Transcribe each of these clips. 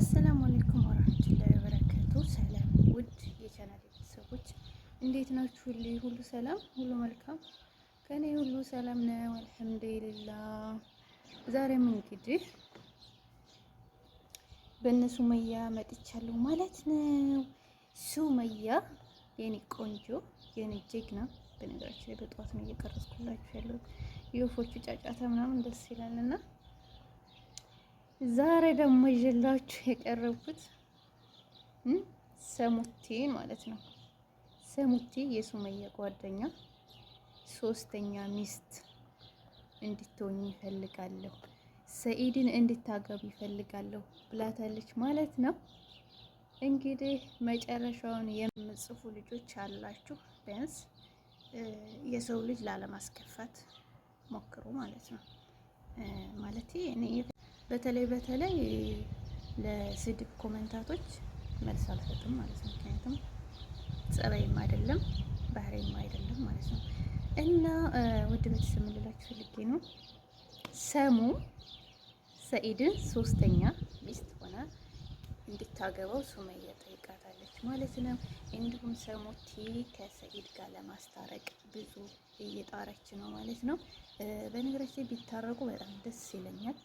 አሰላሙ አለይኩም ወራህመቱላሂ ወበረካቱ። ሰላም ውድ የቻናል ቤተሰቦች እንዴት ናችሁ? ሁሉ ሰላም፣ ሁሉ መልካም፣ ከኔ ሁሉ ሰላም ነው አልሐምዱሊላህ። ዛሬም እንግዲህ በእነ ሱመያ መጥቻለሁ ማለት ነው። ሱመያ የኔ ቆንጆ የኔ ጀግና፣ በነገራችን ላይ በጠዋት ነው እየቀረጽኩላችሁ ያለው የወፎቹ ጫጫታ ምናምን ደስ ይላልና ዛሬ ደግሞ ይዤላችሁ የቀረብኩት ሰሙቲ ማለት ነው። ሰሙቲ የሱመያ ጓደኛ ሶስተኛ ሚስት እንድትሆኝ ይፈልጋለሁ፣ ሰኢድን እንድታገቡ ይፈልጋለሁ ብላታለች ማለት ነው። እንግዲህ መጨረሻውን የምጽፉ ልጆች አላችሁ፣ ቢያንስ የሰው ልጅ ላለማስከፋት ሞክሩ ማለት ነው ማለት በተለይ በተለይ ለስድብ ኮመንታቶች መልስ አልሰጥም ማለት ነው። ምክንያቱም ጸባይም አይደለም ባህሬም አይደለም ማለት ነው። እና ውድ ቤተሰብ የምንላችሁ ፈልጌ ነው ሰሙ ሰኢድን ሶስተኛ እንድታገባው ሱመያ ጠይቃታለች ማለት ነው። እንዲሁም ሰሞቲ ከሰኢድ ጋር ለማስታረቅ ብዙ እየጣረች ነው ማለት ነው። በነገራችን ቢታረቁ በጣም ደስ ይለኛል።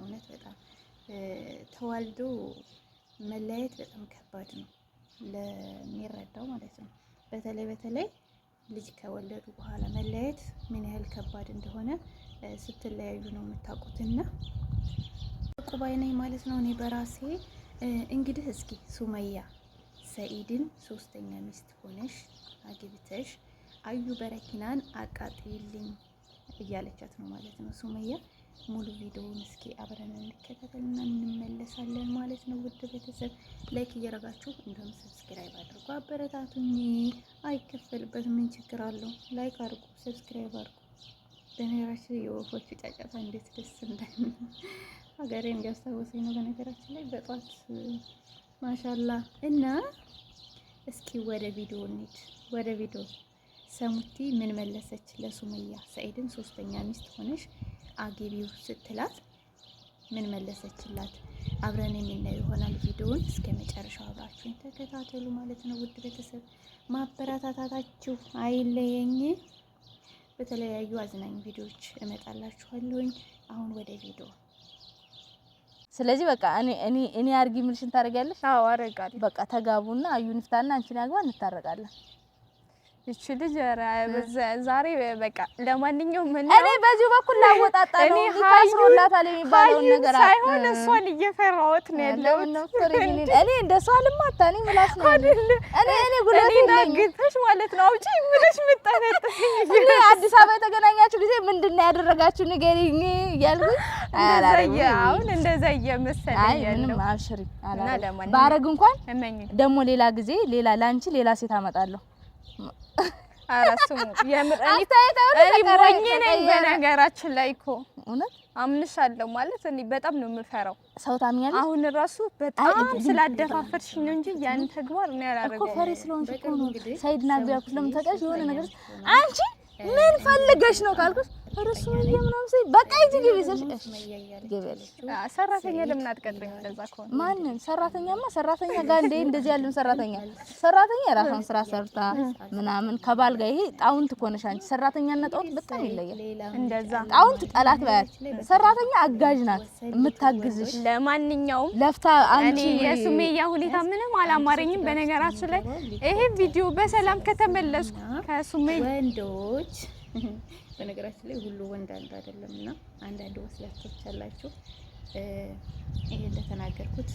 እውነት በጣም ተዋልዶ መለያየት በጣም ከባድ ነው ለሚረዳው ማለት ነው። በተለይ በተለይ ልጅ ከወለዱ በኋላ መለያየት ምን ያህል ከባድ እንደሆነ ስትለያዩ ነው የምታውቁትና ቁባይ ነኝ ማለት ነው እኔ በራሴ እንግዲህ እስኪ ሱመያ ሰኢድን ሶስተኛ ሚስት ሆነሽ አግብተሽ አዩ በረኪናን አቃጥይልኝ እያለቻት ነው ማለት ነው ሱመያ። ሙሉ ቪዲዮውን እስኪ አብረን እንከታተልና እንመለሳለን ማለት ነው። ውድ ቤተሰብ ላይክ እያደረጋችሁ እንዲሁም ሰብስክራይብ አድርጉ፣ አበረታቱኝ። አይከፈልበት ምን ችግር አለው? ላይክ አድርጉ፣ ሰብስክራይብ አድርጉ። በነገራችን የወፎቹ ጫጫታ እንዴት ደስ እንዳለ ሀገሬ እንዲያስታውሰኝ ነው። በነገራችን ላይ በጧት ማሻላ እና እስኪ ወደ ቪዲዮ እንሂድ። ወደ ቪዲዮ ሰሙቲ ምን መለሰች ለሱመያ? ሰኢድን ሶስተኛ ሚስት ሆነሽ አግቢው ስትላት ምን መለሰችላት? አብረን የምናየው ይሆናል። ቪዲዮውን እስከ መጨረሻው አብራችሁን ተከታተሉ ማለት ነው። ውድ ቤተሰብ ማበረታታታችሁ አይለየኝ። በተለያዩ አዝናኝ ቪዲዮዎች እመጣላችኋለሁኝ። አሁን ወደ ቪዲዮ ስለዚህ በቃ እኔ እኔ እኔ አርጊ ምልሽን ታደርጊያለሽ? አዎ አደርጋለሁ። በቃ ተጋቡና አዩን ፍታና አንቺን አግባ እንታረቃለን። ይቺ ልጅ ዛሬ በቃ ለማንኛውም ምን እኔ በዚሁ በኩል ላወጣጣ ነው ታስሮላታል የሚባለውን ነገር ሳይሆን እሷን እየፈራሁት ነው ያለው። እኔ እንደ እሷ ልማታ ነኝ ምላስ ነው እኔ እኔ ጉልበት ይናግጥሽ ማለት ነው። አውጪ ምንሽ ምጣፈጥ እኔ አዲስ አበባ የተገናኛችሁ ጊዜ ምንድን ነው ያደረጋችሁ ንገሪኝ እያልኩኝ አሁን እንደዛ እየመሰለኝ ያለው አብሽሪ ባረግ እንኳን ደግሞ ሌላ ጊዜ ሌላ ላንቺ ሌላ ሴት አመጣለሁ። በነገራችን ላይ እኮ እውነት አምንሻለሁ ማለት እኔ በጣም ነው የምፈራው። ሰው ታምኛለሽ። አሁን እራሱ በጣም ስላደፋፈርሽ ነው እንጂ ያን ተግባር እኔ አላደረገውም እኮ ፈሪ ስለሆንሽ እኮ ነው። ሳይድና ቢያኩስ ለምን ተቀሽ የሆነ ነገር አንቺ ምን ፈልገሽ ነው ካልኩሽ እርሱ ምናምን ሲል በቃ ማንን ሰራተኛማ ሰራተኛ ጋር እንደ እንደዚህ ያለም ሰራተኛ ሰራተኛ የራሷን ስራ ሰርታ ምናምን ከባል ጋር ይሄ ጣውንት እኮ ነሽ አንቺ። ሰራተኛና ጣውንት በጣም ይለያል። እንደዛ ጣውንት ጠላት ባያት፣ ሰራተኛ አጋዥ ናት የምታግዝሽ። ለማንኛውም ለፍታ አንቺ የሱሜያ ሁኔታ ምንም አላማረኝም። በነገራችሁ ላይ ይሄ ቪዲዮ በሰላም ከተመለስኩ ከሱሜያ ወንዶች በነገራችን ላይ ሁሉ ወንድ አንድ አይደለም እና አንዳንድ ወስላቶች አላችሁ እንደተናገርኩት